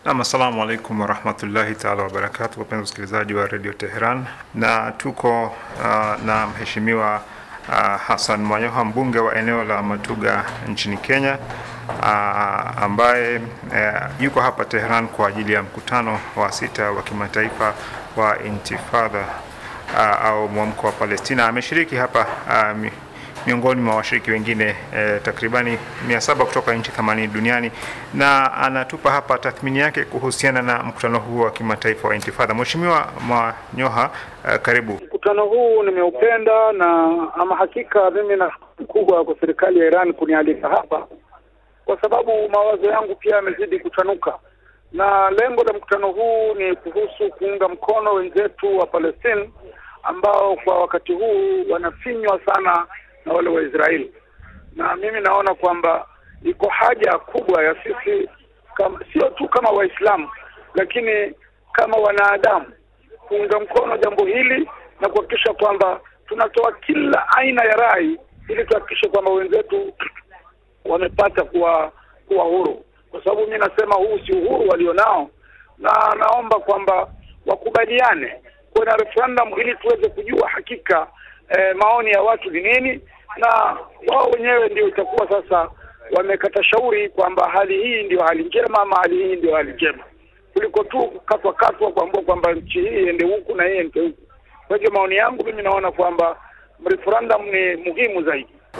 Nam, assalamu alaikum warahmatullahi taala wabarakatu, wapenzi wasikilizaji wa redio Teheran, na tuko uh, na mheshimiwa uh, Hasan Mwanyoha, mbunge wa eneo la Matuga nchini Kenya, uh, ambaye uh, yuko hapa Teheran kwa ajili ya mkutano wa sita wa kimataifa wa Intifadha uh, au mwamko wa Palestina. Ameshiriki hapa uh, miongoni mwa washiriki wengine e, takribani 700 kutoka nchi 80 duniani, na anatupa hapa tathmini yake kuhusiana na mkutano huu wa kimataifa wa Intifadha. Mheshimiwa Mwanyoha, e, karibu. Mkutano huu nimeupenda na ama hakika mimi na kubwa kwa serikali ya Iran kunialika hapa kwa sababu mawazo yangu pia yamezidi kutanuka, na lengo la mkutano huu ni kuhusu kuunga mkono wenzetu wa Palestina ambao kwa wakati huu wanafinywa sana na wale wa Israeli, na mimi naona kwamba iko haja kubwa ya sisi kama sio tu kama Waislamu lakini kama wanadamu kuunga mkono jambo hili na kuhakikisha kwamba tunatoa kila aina ya rai ili tuhakikishe kwamba wenzetu wamepata kuwa kuwa huru, kwa sababu mi nasema huu si uhuru walionao, na naomba kwamba wakubaliane kuwe na referendum ili tuweze kujua hakika eh, maoni ya watu ni nini, na wao wenyewe ndio itakuwa sasa wamekata shauri kwamba hali hii ndio hali njema ama hali hii ndio hali njema, kuliko tu kukatwa katwa kuambua kwamba nchi hii iende huku na hii iende huku. Kwa hivyo maoni yangu mimi naona kwamba referendum ni muhimu zaidi.